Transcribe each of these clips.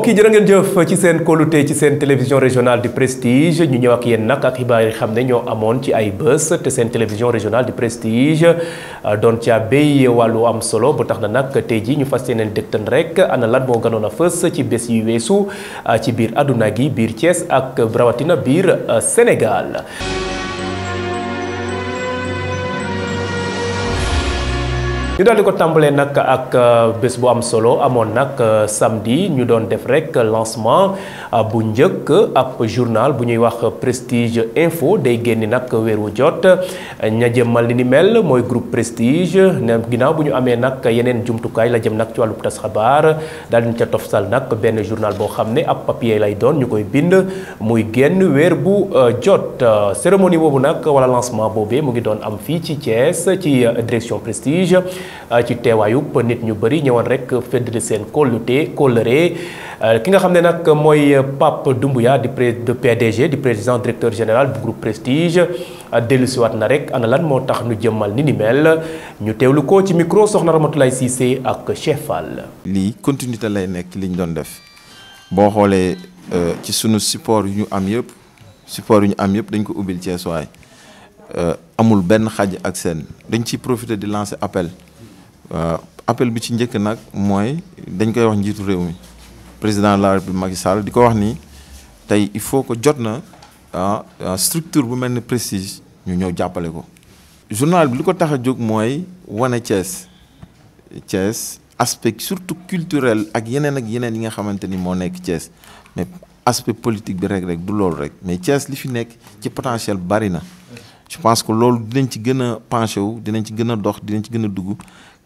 mbokk yi jërë ngeen jëf ci seen kóolute ci seen télévision régionale di prestige ñu ñëw ak yéen nag ak xibaar yi xam ne ñoo amoon ci ay bés te seen télévision régionale du prestige euh, doon caa béy wàllu am solo ba tax na nag te jii ñu fas yéeneen dëgtan rek ana lan moo ganoon a fës ci bés yu weesu euh, ci biir àdduna gi biir Thiès ak rawatina biir euh, Sénégal. ñu daal di ko tàmbalee nag ak euh, bés bu am solo amoon nag euh, samedi ñu doon def rek lancement euh, bu njëkk ab journal bu ñuy wax prestige info day génni nag weer wu jot ña jëmmal li ni mel mooy groupe prestige ne ginnaaw bu ñu amee nag yeneen jumtukaay la jëm nag ci wàllu tas xabaar daal di ca toftal nag benn journal boo xam ne ab papier lay doon ñu koy bind muy génn weer bu jot cérémonie boobu nag wala lancement boobee mu ngi doon am fii ci Thiès ci direction prestige Euh, ci teewaayub nit ñu bëri ñëwoon rek feddali seen kóllute kóllëre euh, ki nga xam ne nag mooy Pape Doumbouya di pré de PDG di président directeur général bu groupe Prestige euh, dellusiwaat na rek ana lan moo tax ñu jëmmal ni ni mel ñu teewlu ko ci micro soxna Ramatoulaye Cissé ak Cheikh Fall. lii continuité lay nekk liñ doon def boo xoolee ci sunu support yu ñu am yëpp support yu ñu am yëpp dañ ko ubbil Cees waay amul benn xaj ak seen dañ ciy profiter di lancer appel. Euh, appel bi ci njëkk nag mooy dañ koy wax njiitu réew mi président de la république Macky Sall di ko wax ni tey il faut que jot na ah, ah, structure bu mel ni prestige ñu ñëw jàppale ko. journal bi lu ko tax a jóg mooy wane Thiès Thiès aspect surtout culturel ak yeneen ak yeneen yi nga xamante ni moo nekk Thiès mais aspect politique bi rek rek du loolu rek mais Thiès li fi nekk ci potentiel bari na. je pense que loolu dinañ ci gën a penché wu dinañ ci gën a dox dinañ ci gën a dugg.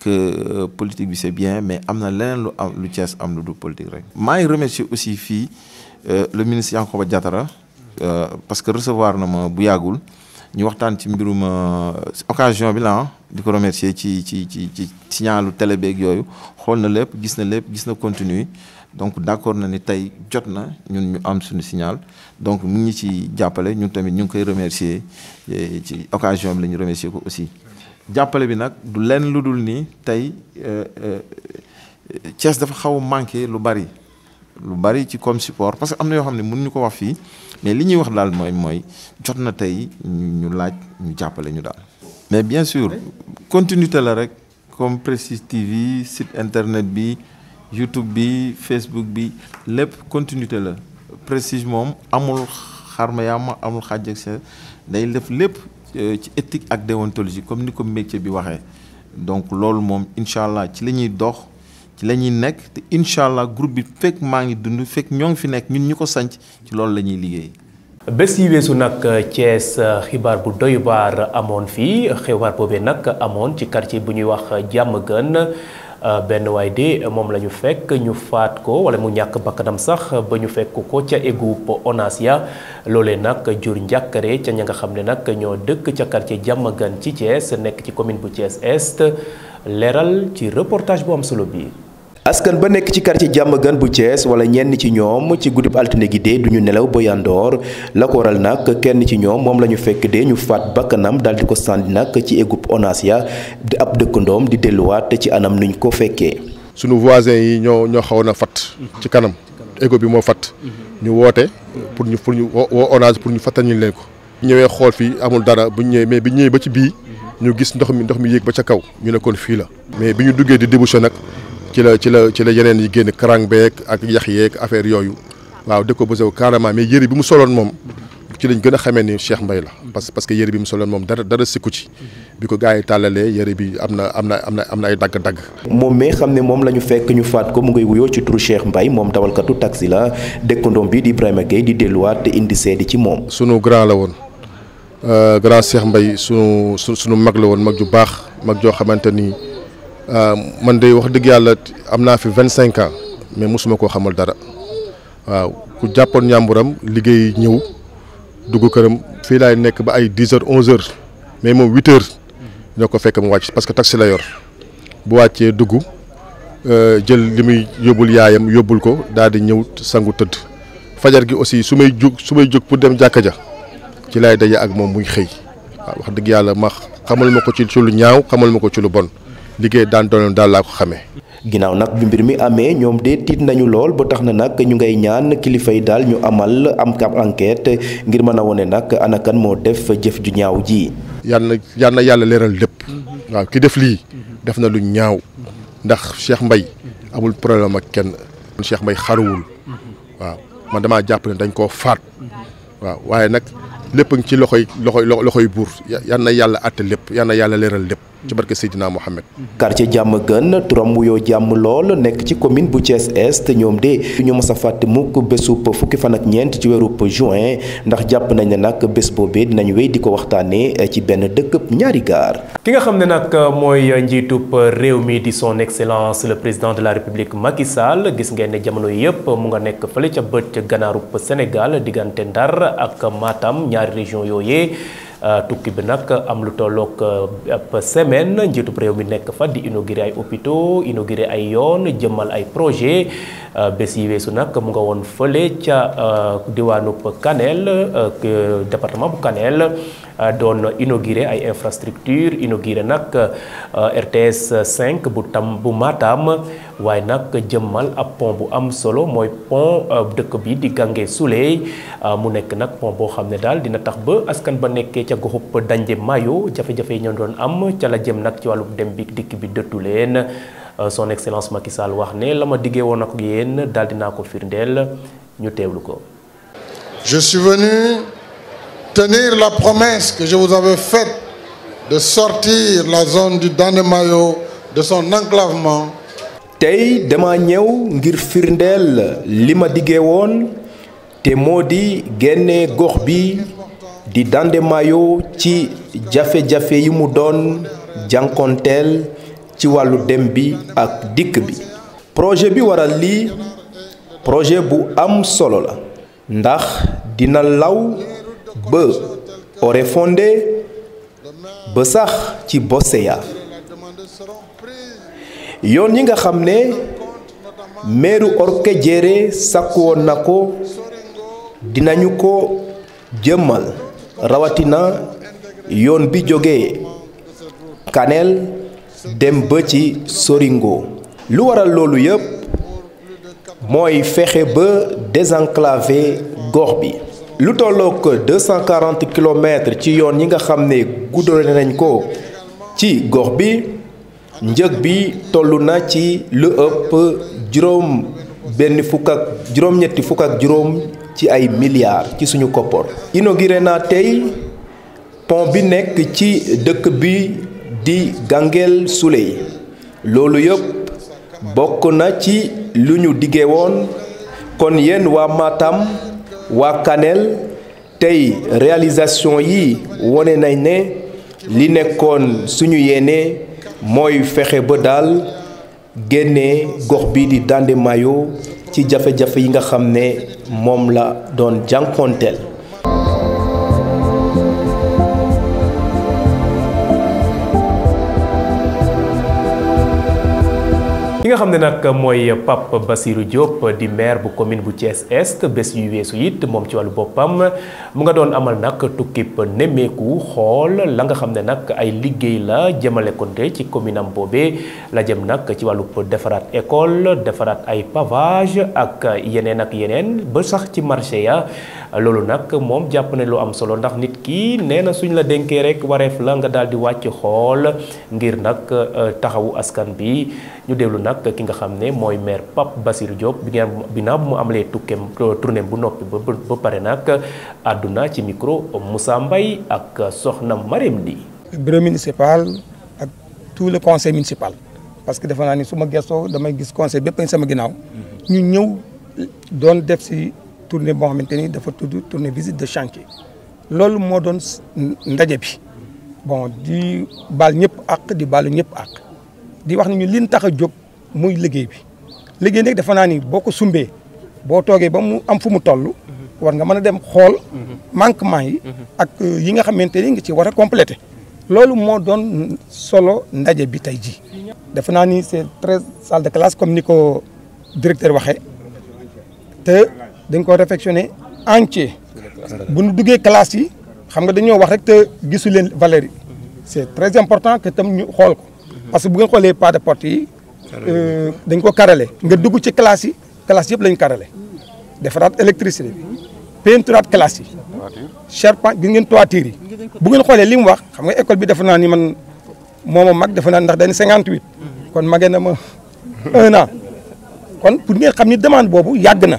que euh, bi c'est bien mais am na leneen lu am lu cees am lu du politique rek. maa ngi remercier aussi fii euh, le ministre Yankhoba Diattara euh, parce que recevoir na ma bu yàggul ñu waxtaan ci mbirum occasion bi la ah, di ko remercier ci ci ci ci signalu télé beeg yooyu xool na lépp gis na lépp gis na continue donc d'accord na ni tey jot na ñu ñu am suñu signal donc mu ñu ci jàppale ñun tamit ñu ngi koy remercier ci occasion bi la ñu remercier ko aussi. jàppale bi nag du lenn lu dul nii tey euh, euh, Thiès dafa xaw a manqué lu bari lu bari ci comme support parce que am na yoo xam ne mënuñu ko wax fii mais li ñuy wax daal mooy mooy jot na tey ñu laaj ñu jàppale ñu daal. mais bien sûr continuité la rek comme Prestige TV site internet bi YouTube bi Facebook bi lépp continuité la Prestige moom amul xarma yaama amul xàjj ak sa day lef lépp. Euh, ci éthique ak déontologie comme ni ko métier bi waxee donc loolu moom incha allah ci la ñuy dox ci la ñuy nekk te incha allah groupe bi fekk maa ngi dund fekk ñoo ngi fi nekk ñun ñu ko sanc ci loolu la ñuy liggéey. bés yi weesu nag Thiès xibaar bu doy waar amoon fii xibaar boobee nag amoon ci quartier bu ñuy wax jàmm gën. Euh, benn waay de moom la ñu fekk ñu faat ko wala mu ñàkk bakkanam sax ba ñu fekk ko ca égout Onasia loole nag jur njàkkare ca ña nga xam ne nag ñoo dëkk ca kar quartier gan ci Thiès nekk ci commune bu Thiès Est leeral ci reportage bu am solo bii askan ba nekk ci quartier gan bu cees wala ñenn ci ñoom ci guddib altine gi dee du ñu nelaw ba yandoor la ko waral nag kenn ci ñoom moom la ñu fekk de ñu faat bakkanam daal di ko sànni nag ci égub Onacea di ab dëkkandoom di delluwaat ci anam nuñ ko fekkee. sunu voisins yi ñoo ñoo xawoon a fat ci kanam égo bi moo fat ñu woote pour ñu pour ñu woo Onace pour ñu fàttali ñu leen ko. ñëwee xool fi amul dara bu ñëwee mais bi ñëwee ba ci bii ñu gis ndox mi ndox mi yéeg ba ca kaw ñu nekkoon fii la mais bi ñu duggee di débouché nag ci la ci la ci la yeneen yi génn karang beek ak yax yeek affaire yooyu waaw di ko bësew carrément mais yëri bi mu soloon moom ci lañ gën a xamee ni Cheikh mbay la parce parce que yëri bi mu soloon moom dara dara sikku ci bi ko gars yi tàllalee yëri bi am na am na am na am na ay dagg-dagg moom mi xam ne moom la ñu fekk ñu faat ko mu ngay wuyoo ci turu Cheikh mbay moom dawalkatu taxi la dëkkandoom bii di Ibrahima Gueye di delluwaat indi seedi ci moom sunu grand la woon euh, grand Cheikh Mbaye sunu su suñu mag la woon mag ju baax mag joo xamante ni Euh, man de wax dëgg yàlla am naa fi vingt cinq ans mais mosuma koo xamal dara waaw ku jàppoon ñàmburam liggéey ñëw dugg këram fii laay nekk ba ay dix heures onze heures mais moom huit heures ñoo ko fekk mu wàcc parce que si la yor bu wàccee dugg euh, jël li muy yóbbul yaayam yóbbul ko daal di ñëw sangu tëdd fajar gi aussi su may jóg su may jóg pour dem jàkka ja ci laay daje ak moom muy xëy waaw wax dëgg yàlla ma xamal ma ko ci ci lu ñaaw xamal ma ko ci lu bon. liggéey daan doon daal laa ko xamee. ginnaaw nag bi mbir mi amee ñoom de tiit nañu lool ba tax na nag ñu ngay ñaan kilifa yi daal ñu amal am ab enquête ngir mën a wone nag anakan moo def jëf ju ñaaw ji. yàlla na yàlla leeral lépp. waaw ki def lii. def na lu ñaaw. ndax Cheikh Mbaye amul problème ak kenn. Cheikh mbay xaruwul. waaw man damaa jàpp ne dañ ko faat. waaw waaye nag lépp ngi ci loxoy loxoy loxoy buur yan na yàlla àtte lépp yan na yàlla leeral lépp. ci barke Seydina Mohamed. quartier jàmm gën turam wuyoo jàmm lool nekk ci commune bu Thiès Est ñoom de ñu mës a fàtte mukk bésub fukki fan ak ñeent ci weerub juin ndax jàpp nañ ne nag bés boobee dinañu wéy di ko waxtaanee eh, ci benn dëkk ñaari gaar. ki nga xam ne nag eh, mooy eh, njiitub réew mi di son excellence le président de la république Macky Sall gis ngeen ne jamono yëpp mu nga nekk fale ca bët gannaarub Sénégal diggante Ndar ak Matam ñaari région yooyee. Euh, tukki bi nag am lu tollook euh, ab semaine njiitub réew mi nekk fa di inauguré ay hôpitaux inauguré ay yoon jëmmal ay projet euh, bés yi weesu nag mu nga woon fële ca diwaanu Kanel département bu Kanel Euh, doon inauguré ay infrastructure inauguré nag euh, RTS 5 bu tam bu Matam waaye nag jëmmal ab pont bu am solo mooy pont euh, dëkk bi di gàngee Souleye mu nekk nag pont boo xam ne daal dina tax ba askan ba nekkee ca goxub Danje Mayo jafe-jafe yi ñu doon am ca la jëm nag ci wàllu dem bi dikk bi dëttu leen son excellence Macky Sall wax ne la ma diggee woon ak yéen di naa ko firndeel ñu teewlu ko. Je venu tenir la promesse que je vous avais faite de sortir la zone du Dandemayo de son enclavement. tey dama ñëw ngir firndeel li ma diggee woon te moo di génne gox bi di Dandemayo ci jafe-jafe yi mu doon jànkonteel ci wàllu dem bi ak dikk bi. projet bi waral li projet bu am solo la. ndax dina law. ba Oréfondé ba sax ci Bosseya yoon yi nga xam ne meeru Orkadiéré sàkku woon na ko dinañu ko jëmmal rawatina yoon bi jóge Kanel dem ba ci Soringo lu waral loolu yépp mooy fexe ba désenclaver gox bi lu tolloog 240 kilomètres ci yoon yi nga xam ne guddoon nañ ko ci gox bi njëg bi tollu na ci lu ëpp juróom benn fukk juróom ci ay milliards ci suñu koppor inauguré naa tey pont bi nekk ci dëkk bi di Ganguel Souleye loolu yëpp bokk na ci lu ñu diggee woon kon yenn waa Matam waa Kanel tey réalisation yi wone nañ ne li nekkoon suñu yéene mooy fexe ba daal génne gox bi di Dandemayo ci jafe-jafe yi nga xam ne moom la doon jànkonteel ki nga xam ne nag mooy pap Bassirou Diop di maire bu commune bu Thiès Est bés yu weesu it moom ci wàllu boppam mu nga doon amal nag tukkib nemmeeku xool la nga xam ne nag ay liggéey la jëmale konte ci commune am boobee la jëm nag ci wàllu defaraat école defaraat ay pavage ak yeneen ak yeneen ba sax ci marché ya loolu nag moom jàpp ne lu am solo ndax nit ki nee na suñ la denkee rek wareef la nga daal di wàcc xool ngir nag euh, taxawu askan bi ñu déglu nag ak ki nga xam ne mooy maire Pape Basir Diop bi nga binaa bu mu amalee tukkeem euh, tournée bu noppi ba ba pare nag àdduna ci micro Moussa mbay ak soxna Marème Ly bureau municipal ak tout le conseil municipal parce que defe naa ni suma ma gestoo damay gis conseil bépp añ sama ginnaaw ñu ñëw doon def si tournée boo xamante ni dafa tudd tournée visite de chantier loolu moo doon ndaje bi bon di baal ñëpp àq di baalu ñëpp àq di wax ni ñu liñ tax a jóg muy liggéey bi liggéey nag dafa naa ni boo ko sumbee boo toogee ba mu am fu mu toll war nga mën a dem xool manquement yi ak euh, yi nga xamante ni nga ci war a complété loolu moo doon solo ndaje bi tey ji dafa naa ni c'est très salle de classe comme ni ko directeur waxee te dañ ko réfectionné entier bu ñu duggee classe yi xam nga dañoo wax rek te gisu leen valeur yi c'est très important que tam ñu xool ko parce que bu ngeen xoolee pas de porte Euh, dañ ko karale nga dugg ci classe yi classe yëpp lañ karale defaraat électricité bi peinturaat classe yi charpente gis ngeen toiture yi bu xoolee li mu wax xam nga école bi defe naa ni man mooma mag defe ndax dañ cinquante huit kon magee na ma kon pour ngeen xam ni demande boobu yàgg na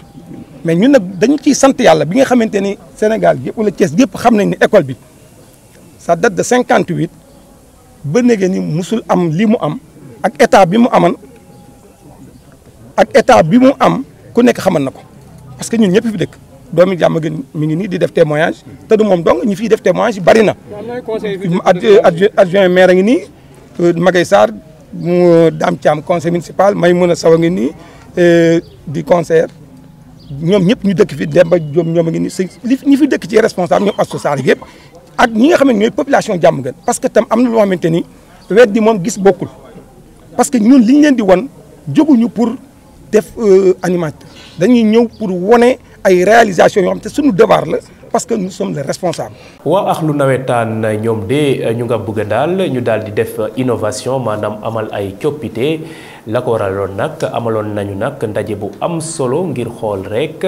mais ñun nag dañ ci sant yàlla bi nga xamante ni Sénégal yëpp wala Thiès yëpp xam nañ ni école bi ça date de cinquante huit ba négee ni musul am li mu am ak état bi mu aman ak état bi mu am ku nekk xamal na ko parce que ñun ñëpp fi dëkk doomi jàmm mi ngi nii di def témoignage te moom dong ñu fiy def témoignage bari na. adjoint maire a ngi nii euh, Magay Sarr mu Dame Thiam conseil municipal Maymouna Sow a ngi nii euh, di conseillère ñoom ñëpp ñu dëkk fi Demba Diop ñoom a ngi nii si li fi dëkk ci responsable ñoom asso Sarr yëpp ak ñi nga xam ñooy population jàmm gën parce que tam am na loo xamante ni wet di moom gis bokkul parce que ñun di won jóguñu pour. def euh, animateur dañuy ñëw pour wone ay réalisation yoo xam te suñu devoir la parce que nous sommes les responsables. waa ax lu nawetaan ñoom de ñu nga bëgg daal ñu daal di def innovation maanaam amal ay coppite la ko waraloon nag amaloon nañu nag ndaje bu am solo ngir xool rek.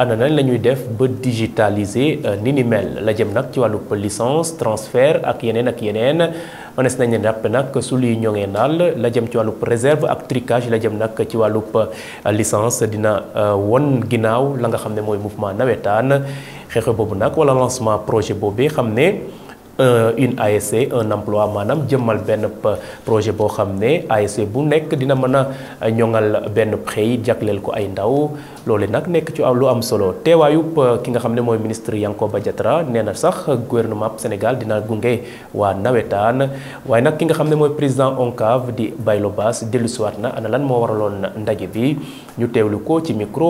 ana nañ la ñuy def ba digitaliser euh, ni mel la jëm nag ci wàllu licence transfert ak yeneen ak yeneen mënees nañ leen ràpp nag su luy ñoŋee naal la jëm ci wàllu réserve ak trucage la jëm nag ci wàllu euh, licence dina euh, won ginnaaw la nga xam ne mooy mouvement nawetaan xeexe boobu nag wala lancement projet boobu xam ne. Euh, une ASC un emploi maanaam jëmmal benn projet boo xam ne ASC bu nekk dina mën a ñoŋal benn prêt jagleel ko ay ndaw loole nag nekk ci lu am solo teewaayu euh, ki nga xam ne mooy ministre Yankoba Diattara nee na sax gouvernement Sénégal dina gunge waa nawetaan waaye nag ki nga xam ne mooy président ONCAV di Baylo Bass dellusiwaat na ana lan moo waraloon ndaje bi ñu teewlu ko ci micro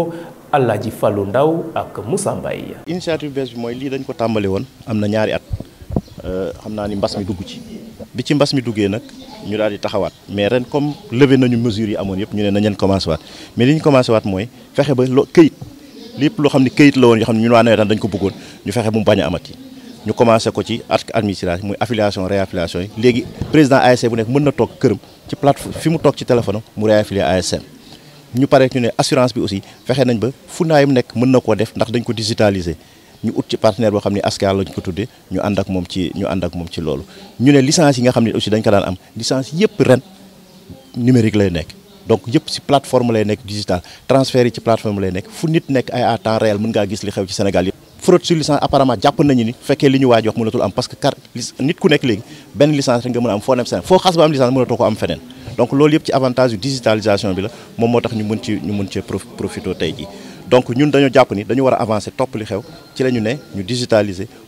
Alaaji Fallou Ndaw ak Moussa Mbaye initiative bees bi mooy lii dañ ko tàmbali woon am na ñaari at Euh, xam naa ni mbas mi dugg ci bi ci mbas mi duggee nag ñu daal di taxawaat mais ren comme levé nañu mesures yi amoon yëpp ñu ne nañ leen commencé waat mais li ñu commencé waat mooy fexe ba lo këyit lépp loo xam ne këyit la woon yoo xam ne ñun waa nawetaan dañ ko bëggoon ñu fexe bu mu bañ a amati ñu commencé ko ci at administration muy affiliation réaffiliation yi léegi président ASC bu nekk mën na toog këram ci plateforme fi mu toog ci téléphone am mu réaffilier ASM ñu pare ñu ne assurance bi aussi fexe nañ na koo def ndax dañ ko digitaliser ñu ut ci partenaire boo xam ne askar lañ ko tudde ñu ànd ak moom ci ñu ànd ak moom ci loolu ñu ne licence yi nga xam ne aussi dañ ko daan am licence yëpp ren numérique lay nekk donc yëpp ci plateforme lay nekk digital transfert yi ci plateforme lay nekk fu nit nekk ay à temps réel mën ngaa gis li xew ci Sénégal yëpp fraude sur licence apparemment jàpp nañu ni fekkee li ñu waaj wax mënatul am parce que car nit ku nekk léegi benn licence rek nga mën a yëpp ci avantage yu digitalisation bi la moom tax ñu mën ci ñu mën cee profito tey jii donc ñun dañoo jàpp ni dañu war a avancer topp li xew ci la ñu ne ñu digitaliser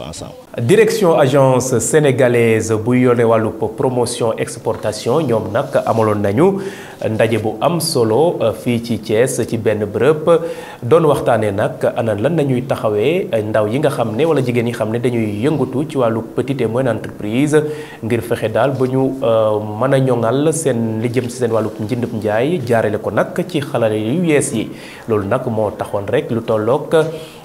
vivre ensemble. direction agence sénégalaise buy yore wàllu promotion exportation ñoom nag amaloon nañu ndaje bu am solo euh, fii ci Thiès ci benn bërëb doon waxtaanee nag ana lan nañuy taxawee euh, ndaw yi nga xam ne wala jigéen yi xam ne dañuy yëngatu ci wàllu petite et moyenne entreprise ngir fexe daal ba ñu euh, mën a ñoŋal seen li jëm si seen wàllu njëndub njaay jaarale ko nag ci xalale yu yees yi loolu nag moo taxoon rek lu tollook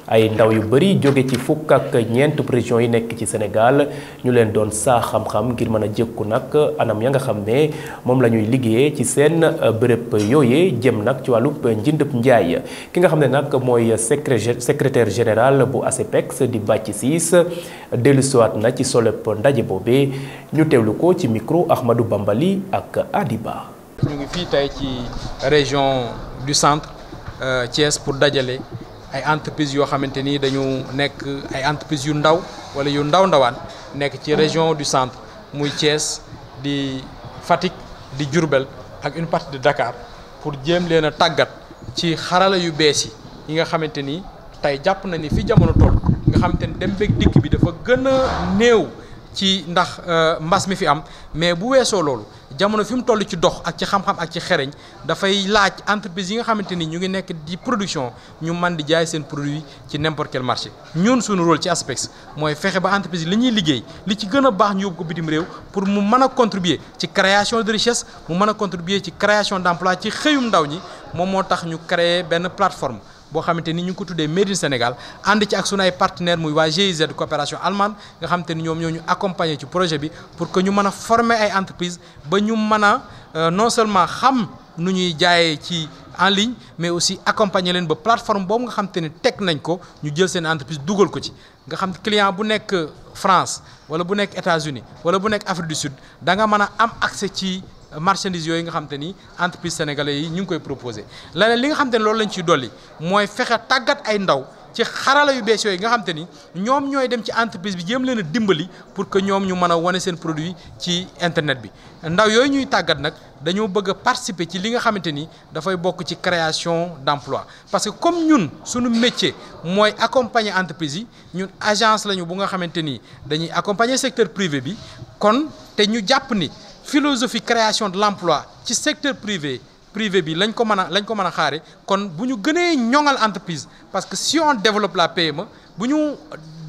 ay ndaw yu bëri jóge ci fukk ak ñeent régions yi nekk ci Sénégal ñu leen doon saa xam-xam ngir mën a jëkku nag anam ya nga xam ne moom la ñuy liggéeyee ci seen euh, bërëb yooyee jëm nag ci wàllub njëndëb njaay ki nga xam ne nag mooy secré secrétaire général bu ASEPEX di bàcc Ciss dellusiwaat na ci solop ndaje boobee ñu teewlu ko ci micro Ahmadou Bambali ak Adiba. ñu ngi fii tey ci région du centre euh, Thiès pour dajale. ay entreprises yoo xamante ni dañu nekk ay entreprises yu ndaw wala yu ndaw ndawaan nekk ci région du centre muy Thiès di Fatick di Diourbel ak une partie de Dakar pour jéem leen a tàggat ci xarala yu bees yi yi nga xamante ni tey jàpp na ni fi jamono toll nga xamante ni dem beeg dikk bi dafa gën a néew ci ndax euh, mbas mi fi am mais bu weesoo loolu jamono fi mu toll ci dox ak ci xam-xam ak ci xereñ dafay laaj entreprise yi nga xamante ni ñu ngi nekk di production ñu man di jaay seen produit ci n'importe marché ñun suñu rôle ci Aspex mooy fexe ba entreprise li ñuy liggéey li ci gën a baax ñu yóbbu ko bitim réew pour mu mën a contribuer ci création de richesse mu mën a contribuer ci création d'emploi ci xëyum ndaw ñi moom moo tax ñu créer benn plateforme boo xamante ni ñu ngi ko tuddee Made in Sénégal ànd ci ak sunu ay partenaire muy waa GIZ coopération allemande nga xamante ni ñoom ñoo ñu accompagner ci projet bi pour que ñu mën a ay entreprise ba ñu mën a euh, non seulement xam nu ñuy jaayee ci en ligne mais aussi accompagner leen ba plateforme boobu nga xam te ne teg nañ ko ñu jël seen entreprise dugal ko ci nga xam client bu nekk France wala bu nekk États-Unis wala bu nekk Afrique du Sud da nga marchandises yooyu nga xam te ni entreprise sénégalais yi ñu ngi koy proposé leneen li nga xamte te ni loolu lañ dolli mooy fexe tàggat ay ndaw ci xarala yu bees yooyu nga xam te ni ñoom ñooy dem ci entreprise bi jéem leen a dimbali pour que ñoom ñu mën a wane seen produit ci internet bi ndaw yooyu ñuy tàggat nag dañoo bëgg a participer ci li nga xamante ni dafay bokk ci création d'emploi parce que comme ñun suñu métier mooy accompagner entreprise yi ñun agence lañu bu nga xamante ni dañuy accompagner secteur privé bi kon te ñu jàpp ni philosophie création de l'emploi ci secteur privé privé bi lañ ko mën a lañ ko mën a xaare kon bu ñu gënee ñoŋal entreprise parce que si on développe la PME bu ñu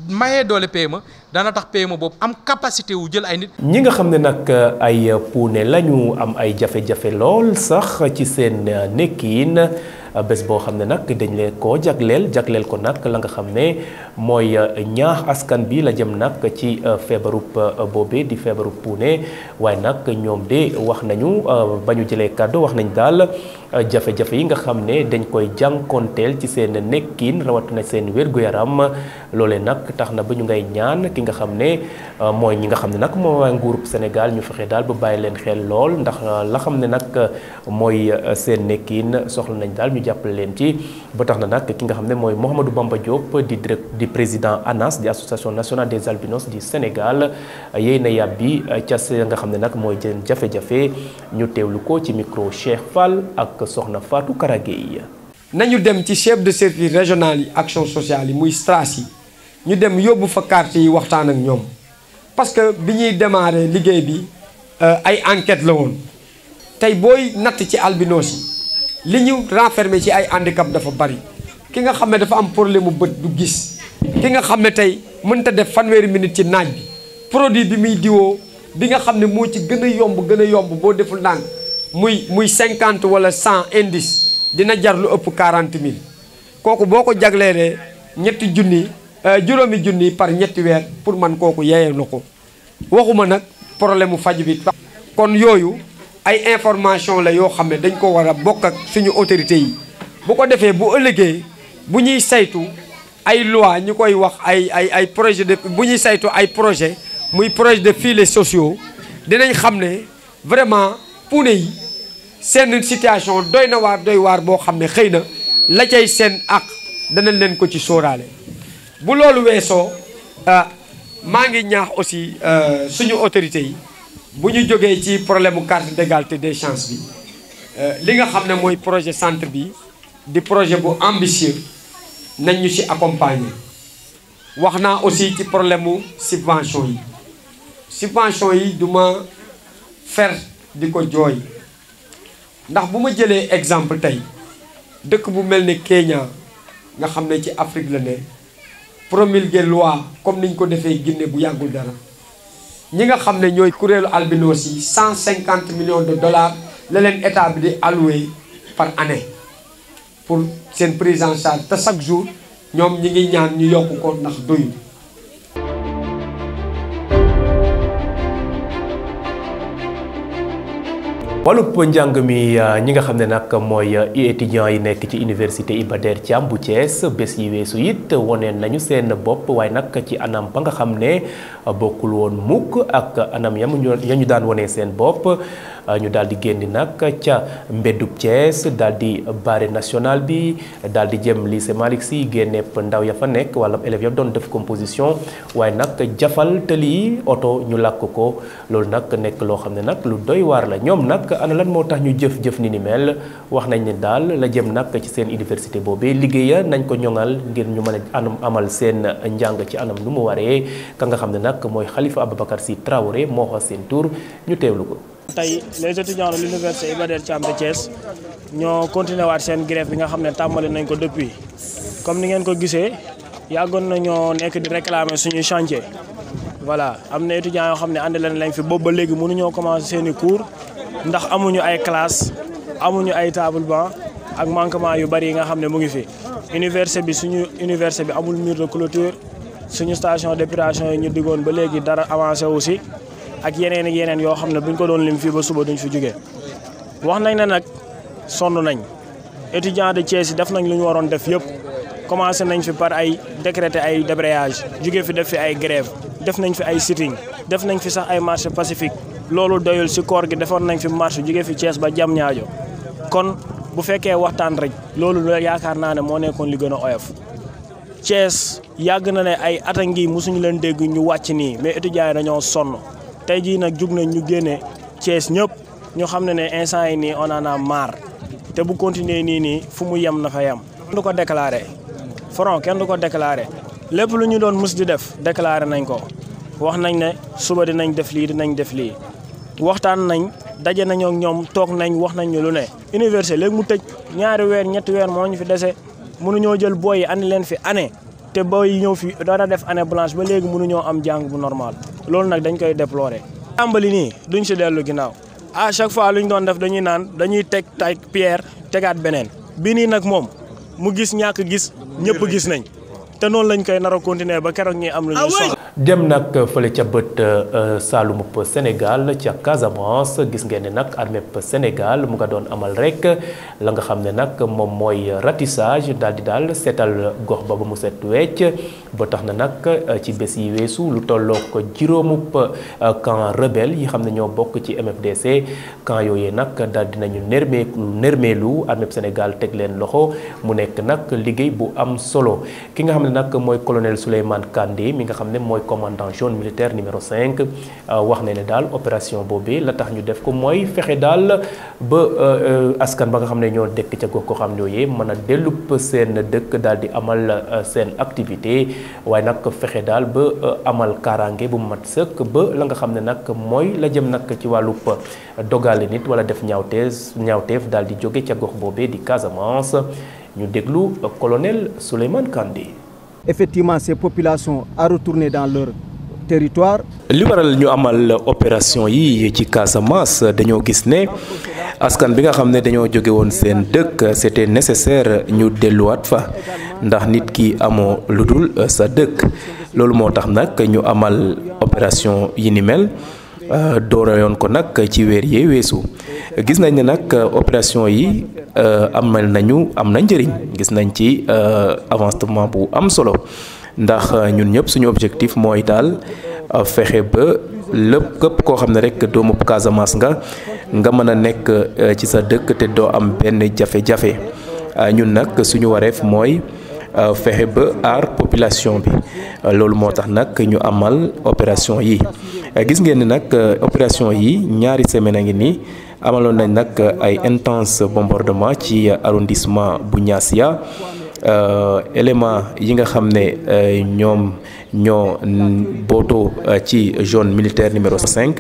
mayee doole PME dana tax PME boobu am capacité wu jël ay nit. ñi nga xam ne nag ay puune lañu am ay jafe-jafe lool sax ci seen euh, nekkiin. bés boo xam ne nag dañu leen koo jagleel jagleel ko nag la nga xam ne mooy euh, ñaax askan bi la jëm nag ci euh, feebaru euh, boobee di feebaru puune waaye nag ñoom de wax nañu ba ñu jëlee kàddu wax nañ daal jafe-jafe yi nga xam ne dañ koy jànkoonteel ci seen rawatu na seen wér-gu-yaram loolee nag tax na ba ñu ngay ñaan ki nga xam ne euh, mooy ñi nga xam ne nag moo waa Sénégal ñu fexe daal ba bàyyi leen xel lool ndax euh, la xam ne nag euh, mooy seen nekkiin soxla nañ daal ñu jàppale leen ci ba tax na nag ki nga xam ne mooy Mouhamadou Bamba Diop di direct di président ANAS di association nationale des albinos du Sénégal yéy na yàbbi ca nga xam ne nag mooy jën jafe-jafe ñu teewlu ko ci micro Cheikh Fall ak ak soxna Fatou Kara Gueye nañu dem ci chef de service régional yi action sociale yi muy STRAS yi ñu dem yóbbu fa carte yi waxtaan ak ñoom parce que bi ñuy démarrer liggéey bi euh, ay enquête la woon tey booy natt ci albinos yi li ñu renfermé ci ay handicap dafa bari ki nga xam ne dafa am problème mu bët du gis ki nga xam ne tey mënta def fanweeri minute ci naaj bi produit bi muy diwoo bi nga xam ne moo ci gën a yomb gën yomb boo deful ndànk muy muy cinquante wala cent indice dina jar lu ëpp quarante mille kooku boo ko jagleelee ñetti junni euh, juróomi junni par ñetti weer pour man kooku yeyee na ko waxuma nag problème mu faj bi. kon yooyu ay information la yoo xam ne dañ ko war bokk ak suñu autorités yi bu ko defee bu ëllëgee bu ñuy saytu ay loi ñu koy wax ay ay ay projet de bu ñuy saytu ay projet muy projet de filets sociaux dinañ xam ne vraiment pune yi. seen situation doy na waar doy waar boo xam ne xëy na la cay seen ak danañ leen ko ci sóoraale bu loolu weesoo euh, maa ngi ñaax aussi euh, suñu autorités yi bu ñu jógee ci problème mu carte d'égalité des chance bi euh, li nga xam ne mooy projet centre bi di projet bu ambitieux nañ ñu ci accompagner wax naa aussi ci problème mu subvention yi subvention yi duma fer di ko jooy ndax bu ma jëlee exemple tey dëkk bu mel ni Kenya nga xam ne ci Afrique la ne promulgué loi comme niñ ko defee Guinée bu yàggul dara ñi nga xam ne ñooy kuréelu albinos yi cent cinquante millions de dollars la leen état bi di alloué par année pour seen prise en charge te chaque jour ñoom ñi ngi ñaan ñu yokk ko ndax doyul wàllub njàng mi euh, ñi nga xam ne nag mooy euh, étudiants yi nekk ci université Iba Der am bu Thiès bés yi weesu it waneen nañu seen bopp waaye nag ci anam ba nga xam ne euh, bokkul woon mukk ak anam yam ya ñu daan wanee seen bopp ñu daal di génn nag ca mbeddu Thiès daal di bare national bi daal di jëm lycée Malick si génneep ndaw ya fa nekk wala élèves ya doon def composition waaye nag jafal tëli oto ñu làkk ko loolu nag nekk loo xam ne nag lu doy waar la ñoom nag ana lan moo tax ñu jëf-jëf ni ni mel wax nañ ne daal la jëm nag ci seen université boobee liggéeya nañ ko ñoŋal ngir ñu mën a anam amal seen njàng ci anam nu mu waree ka nga xam ne nag mooy xalifa Khalifa Ababacar Sy Traoré moo xool seen tur ñu teewlu ko. tey les étudiants de l'université Iba Der Thiam de Thiès ñoo continué waat seen grève bi nga xam ne tàmbali nañ ko depuis comme ni ngeen ko gisee yàggoon nañoo nekk di réclamer suñuy chantier voilà am na yoo xam ne ànd leen lañ fi boobu ba léegi mënuñoo commencé seen i ndax amuñu ay classe amuñu ay table banc ak manquement yu bari yi nga xam ne mu ngi fi université bi suñu université bi amul mur de clôture suñu station d'épuration yi ñu diggoon ba léegi dara avancé aussi ak yeneen yeneen yoo xam ne buñ ko doon lim fii ba suba duñ fi jóge wax nañ ne nag sonn nañ étudiants de Thiès yi def nañ lu ñu waroon def yëpp commencé nañ fi par ay décréter ay débrayage jóge fi def fi ay grève def nañ fi ay sitting def nañ fi sax ay marché pacifique loolu doyul si koor gi defoon nañ fi marche jóge fi cees ba jam ñaajo kon bu fekkee waxtaan rek loolu yaakaar naa ne moo nekkoon li gën a oyof Thiès yàgg na ne ay at a ngi mosuñu leen dégg ñu wàcc nii mais étudiants nañoo dañoo sonn tey jii nag jug nañ ñu génne Thiès ñëpp ñu xam ne ne instant yi nii on en a te bu continuer nii nii fu mu yem na fa yem. kenn du ko déclaré foron kenn du ko déclaré lépp lu ñu doon mus di def déclaré nañ ko wax nañ ne suba dinañ def lii dinañ def lii. waxtaan nañ daje nañoo ñoom toog nañ wax nañ ñu lu ne. université léegi mu tëj ñaari weer ñetti weer moo ñu fi dese mënuñoo jël booy yi andi leen fi année te booy yi ñëw fi dara def année blanche ba léegi mënuñoo am jàng bu normal loolu nag dañ koy déplorer. tàmbali nii duñ si dellu ginnaaw à chaque fois lu ñu doon def dañuy naan dañuy teg tay pierre tegaat beneen bi nii nag moom mu gis ñàkk gis ñëpp gis nañ te noonu lañ koy nar a ba keroog ñuy am lu ñuy ah soxla dem nag fële ca bët euh, saalumub Sénégal ca Casamance gis ngeen ne nag armée Sénégal mu nga doon amal rek la nga xam ne nag moom mooy ratissage daal di daal seetal gox ba ba mu set wecc ba tax na nag euh, ci bés yi weesu lu tolloo ko juróomub euh, camp rebelle yi xam ne ñoo bokk ci MFDC camp yooyee nag daal nañu nërmee nërmeelu armée Sénégal teg leen loxo mu nekk nag liggéey bu am solo ki nga xam ne nag mooy colonel Souleymane Kandé mi nga xam ne mooy commandant jaune militaire numéro 5 euh, wax na ne daal opération boobee la tax ñu def ko mooy fexe daal ba askan ba nga xam ne ñoo dëkk ca gox ko xam yooyee mën a dellub seen dëkk daal di amal seen activité waaye nag fexe daal ba euh, amal kaaraange bu mat sëkk ba la nga xam ne nag mooy la jëm nag ci wàllu wàllub euh, dogale nit wala def ñaawtees ñaawteef daal di jóge ca gox boobee di Casamance ñu déglu euh, colonel Souleymane Kandé effectivement ces populations à retourner dans leur territoire. li waral ñu amal opération yi ci Casamance dañoo gis ne askan bi nga xam ne dañoo jóge woon seen dëkk c'était nécessaire ñu delluwaat fa ndax nit ki amoo lu dul sa dëkk loolu moo tax nag ñu amal opération yi ni mel. Euh, doora yoon ko nag ci weer yee weesu gis nañ ne nag opération yi euh, amal nañu am na njëriñ gis nañ ci euh, avancement bu am solo ndax euh, ñun ñëpp suñu objectif mooy daal euh, fexe ba lépp képp koo xam ne rek doomu Casamance nga nga mën a nekk euh, ci sa dëkk te doo am benn jafe-jafe ñun nag suñu wareef mooy fexe ba aar population bi loolu moo tax nag ñu amal opération yi gis ngeen ni nag opération yi ñaari semaine a ngi nii amaloon nañ nag ay intense bombardement ci arrondissement bu Niassia Euh, élément yi nga xam ne euh, ñoom ñoo bootoo euh, ci zone militaire numéro 5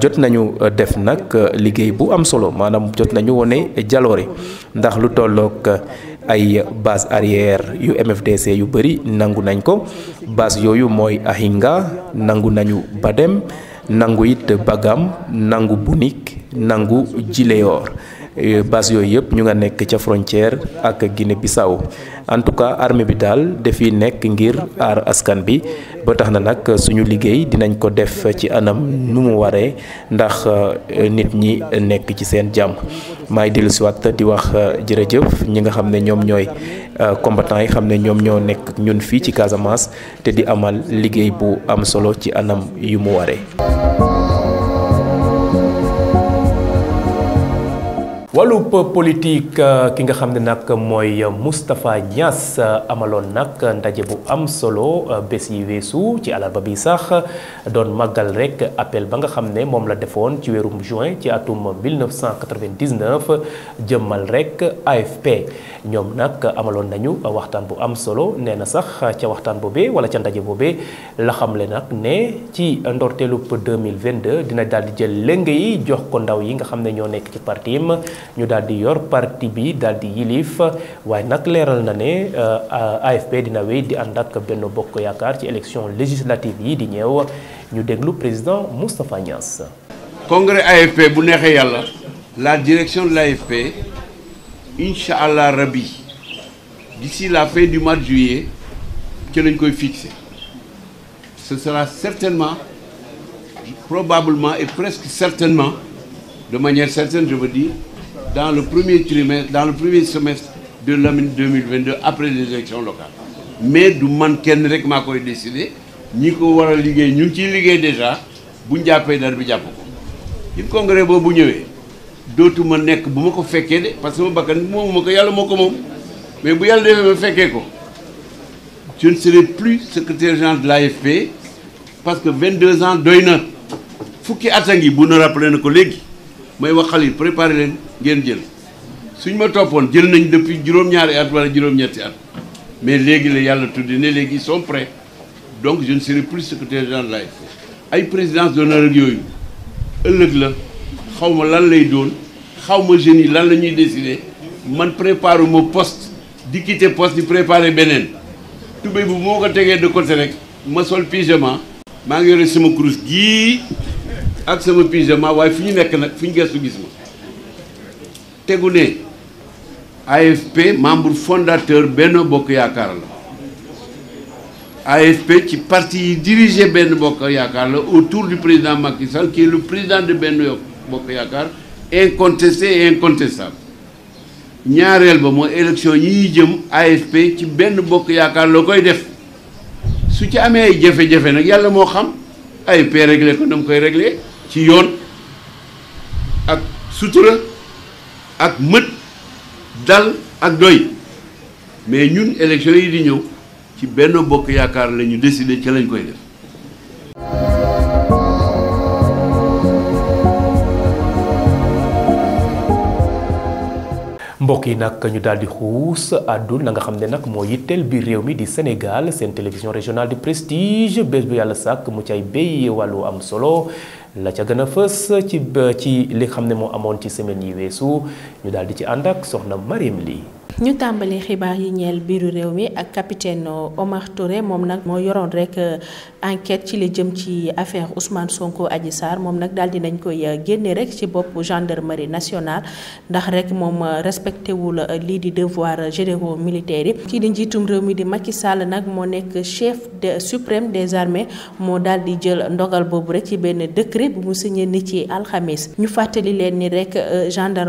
jot nañu def nag liggéey bu am solo maanaam jot nañu wone jaloore ndax lu tollook ay base arrière yu MFDC yu bëri nangu nañ ko base yooyu mooy Ahinga nangu nañu Badem nangu it Bagam nangu Bunik nangu Jileyor Euh, base yooyu yëpp ñu nga nekk ca frontière ak Guinée Bissau en tout cas armée bi daal defi nekk ngir aar askan bi ba tax na nag suñu liggéey dinañ ko def ci anam nu mu waree ndax euh, nit ñi nekk ci seen jàmm maay dellusiwaat di wax euh, jërëjëf ñi nga xam ne ñoom ñooy combattants yi xam ne ñoom ñoo nekk ñun fii ci Casamance te di amal liggéey bu am solo ci anam yu mu waree. wàllub politique euh, ki nga xam ne nag mooy Moustapha Niass euh, amaloon nag ndaje bu am solo euh, bés yi weesu ci alarba bii sax doon màggal rek appel ba nga xam ne moom la defoon ci weerum juin ci atum 1999 jëmmal rek AFP ñoom nag amaloon nañu waxtaan bu am solo nee na sax ca waxtaan boobee wala ca ndaje boobee la xamle nag ne ci ndorteelub 2022 dina daal di jël lëng yi jox ko ndaw yi nga xam ne ñoo nekk ci partim ñu daal di yor parti bi daal di yilif waaye nag leeral na ne euh, AFP dina wéy di ànd ak benn Bokk Yaakaar ci élection législative yi di ñëw ñu déglu président Moustapha Niass. congrès AFP bu neexee yàlla la direction de l'AFP incha allah rabi d'ici la fin du mois de juillet ci lañ koy fixé ce sera certainement probablement et presque certainement de manière certaine je veux dire dans le premier trimestre dans le premier semestre de l'année 2022 après les élections locales mais du man kenn rek maa koy décider ñi ko war a liggéey ñu ngi ciy liggéey déjà buñ jàppee dara bi jàpp ko ci congrès boobu bu ñëwee dootuma nekk bu ma ko fekkee de parce que ma bakkan moom ma ko yàlla moo ko moom mais bu yàlla defee ma fekkee ko je ne serai plus secrétaire général de l'AFP parce que deux ans doy na fukki at a ngi bu na rappelé na ko léegi may wax xale yi préparé leen ngeen jël suñ ma toppoon jël nañ depuis juróom-ñaari at wala juróom-ñetti at mais léegi la yàlla tuddi ne léegi ils sont donc je ne serai plus secrétaire général de ay présidence d'honneur ak yooyu ëllëg la xaw ma lan lay doon xaw ma jeunes yi lan la ñuy décider man préparé ma poste di quitter poste di préparé beneen tubéy bu moo ko tegee de côté rek ma sol pyjama maa ngi yore sama kurus gii ak sama pyjama waaye fi ñu nekk nag fi ñu gestu gis ma tegu ne AFP membre fondateur Benno Bokk Yaakaar la AFP ci partie yi dirigé Benno Bokk Yaakaar la autour du président Macky Sall qui est le président de Benno Bokk Yaakaar incontesté et incontestable ñaareel ba mooy élection yi jëm AFP ci benn bokk yaakaar loo koy def su ci amee ay jafe-jafe nag yàlla moo xam AFP réglé ko na mu koy réglé ci yoon ak sutura ak mët dal ak doy mais ñun élection yi di ñëw ci benn bokk yaakaar la ñu décider ca lañ koy def mbokk yi nag ñu daal di xuus àddu la nga xam ne nag moo yitteel bi réew mi di Sénégal seen télévision régionale du prestige bés bu yàlla sàkk mu cay béy wàllu am solo la ca gën a fës ci ci li xam ne moo amoon ci semaine yi weesu ñu daal di ci ànd ak soxna Mariam lii ñu tàmbali xibaar yi ñeel biiru réew mi ak capitaine Omar Touré moom nag moo yoroon rek euh, enquête ci li jëm ci affaire Ousmane Sonko Adji Sarr moom nag daal di nañ koy euh, génne rek ci bopp gendarmerie nationale ndax rek moom euh, respecté wul lii di devoir généraux militaires yi. kii di njiitum réew mi di makki Sall nag moo nekk chef de des armées moo daal di jël ndogal boobu rek ci benn décret bu mu signé ni ci alxamis ñu fàttali leen ni rek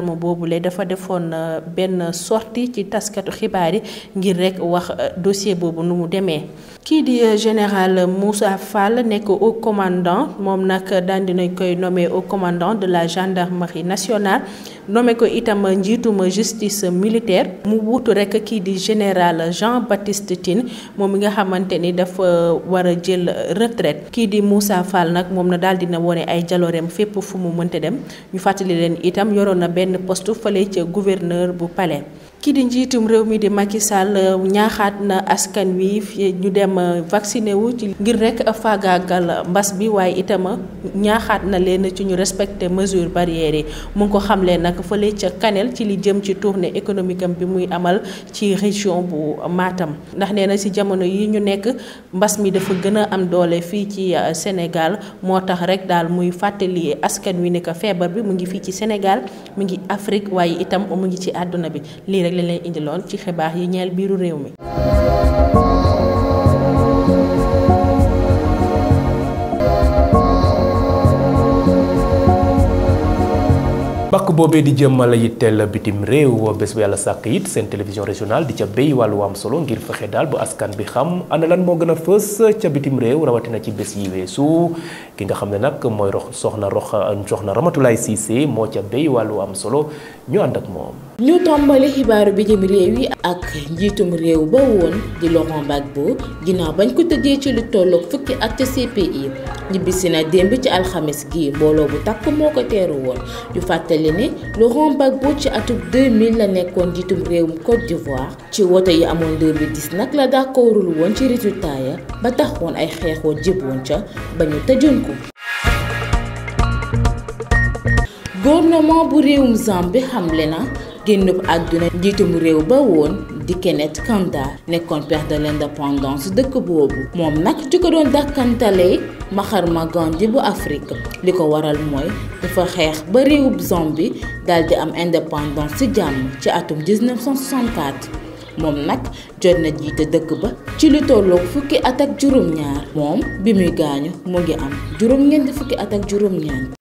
boobu boobule dafa defoon benn sorti ci taskatu xibaar yi ngir rek wax euh, dossier boobu nu mu demee. kii di euh, général Moussa Fall nekk au commandant moom nag daan dinañ koy nome au commandant de la gendarmerie nationale nommé ko itam njiituma justice militaire mu wuutu rek kii di général Jean Baptiste Tine moom mi nga xamante ni dafa euh, war a jël retraite kii di Moussa Fall nag moom na daal dina wone ay jaloreem fépp fu mu mënte dem ñu fàttali leen itam yoroon na benn poste fële ca gouverneur bu palais kii di njiitum réew mi di Macky Sall euh, ñaaxaat na askan wi ñu dem euh, vacciné wu ci ngir rek faagaagal mbas bi waaye itam ñaaxaat na leen ci ñu respecté mesure mu ngi ko xamle nag fële ca Kanel ci li jëm ci tournée économique am bi muy amal ci région bu Matam ndax nee na si jamono yi ñu nekk mbas mi dafa gën a am doole fii ci euh, Sénégal moo tax rek daal muy fàttali askan wi ne ko feebar bi mu ngi fii ci Sénégal mu ngi Afrique waaye itam mu ngi ci àdduna bi lii rek rek lañ leen indiloon ci xibaar yi ñeel biiru réew mi. pàkk boobee di jëmmala yitteel bitim réew bés bu yàlla sàkk it seen télévision régionale di ca béy wàllu am solo ngir fexe daal bu askan bi xam ana lan moo gën a fës ca bitim réew rawatina ci bés yi weesu ki nga xam ne nag mooy rox soxna rox soxna Ramatulaay Siise moo ca béy wàllu am solo ñu ànd ak moom. ñu tombali xibaaru bi bitim réew yi ak njiitum réew ba woon di Laurent Gbagbo ginnaaw bañ ko tëjee ci lu tolloog fukki at ca CPI ñibbisi na démb ci alxames gi mbooloo bu takk moo ko teeru woon ñu fàttali ne Laurent Gbagbo ci atum 2000 la nekkoon njiitum réewum Côte d'Ivoire ci wote yi amoon 2010 nag la d'accordul woon ci résultat ya ba taxoon ay xeexoo jiboon ca ba ñu tëjoon ko gouvernement bu réewum Zambie xamle na génnub àdduna njiitum réew ba woon di Kenneth Kandar nekkoon père de l'indépendance dëkk boobu moom nag ci ko doon dàkkantalee Mahatma Gandhi bu Afrique li ko waral mooy dafa xeex ba réewub Zambie daal di am indépendance ci jàmm ci atum 1964 moom nag jot na jiite dëkk ba ci li tolloog fukki at ak juróom-ñaar moom bi muy gaañu mu ngi am juróom-ñeent fukki at ak juróom-ñaar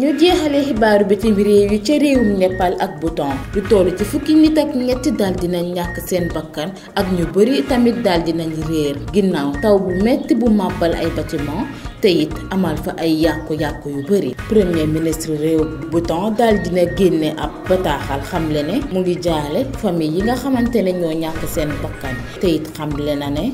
ñu jeexalee xibaaru bitim réew yi ca réewum neppal ak Bhoutan bu toll ci fukki nit ak ñetti dal dinañ ñàkk seen bakkan ak ñu bëri tamit dal dinañ réer ginnaaw taw bu metti bu màbbal ay bâtiment te it amal fa ay yàqu-yàqu yu bëri premier ministre réew Bhoutan dal dina génne ab bataaxal xamle ne mu ngi jaale famille yi nga xamante ne ñoo ñàkk seen bakkan te it xamle na ne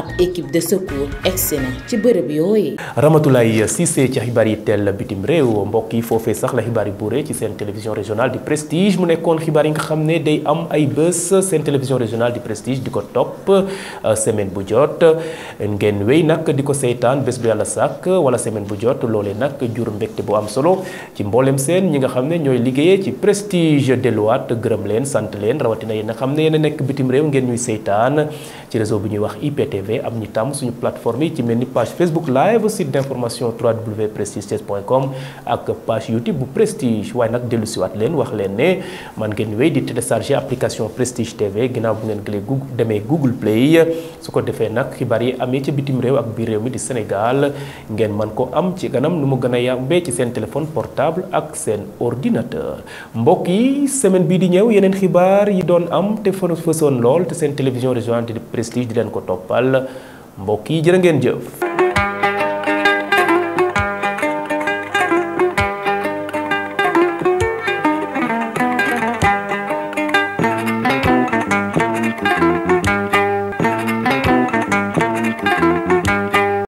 ab équipe de secours egsi na ci bërëb yooyu. Ramatoulaye Cissé ci xibaar yi teel bitim réew mbokk yi foofee sax la xibaar yi buuree ci seen télévision régionale di prestige mu nekkoon xibaar yi nga xam ne day am ay bés seen télévision régionale du prestige di ko topp euh, semaine bu jot ngeen wéy nag di ko seytaan bés bu yàlla sàkk wala semaine bu jot loolee nag jur mbégte bu am solo ci mboolem seen ñi nga xam ne ñooy liggéeyee ci prestige delluwaat gërëm leen sant leen rawatina yéen xam ne yéen nekk bitim réew ngeen ñuy saytaan. ci réseau bi ñuy wax IPTV am ñu tàmm suñu plateforme yi ci mel ni page Facebook live site d'information www.prestige.com ak page YouTube bu Prestige waaye nag dellu siwaat leen wax leen ne man ngeen wéy di télécharger application Prestige TV ginnaaw bu ngeen gëlee Google Play su ko defee nag xibaar yi amee ci bitim réew ak biir réew mi di Sénégal ngeen mën ko am ci ganam nu mu gën a yàmbee ci seen téléphone portable ak seen ordinateur mbokk yi semaine bii Prestige di leen ko toppal mbokk yi jërë ngeen jëf.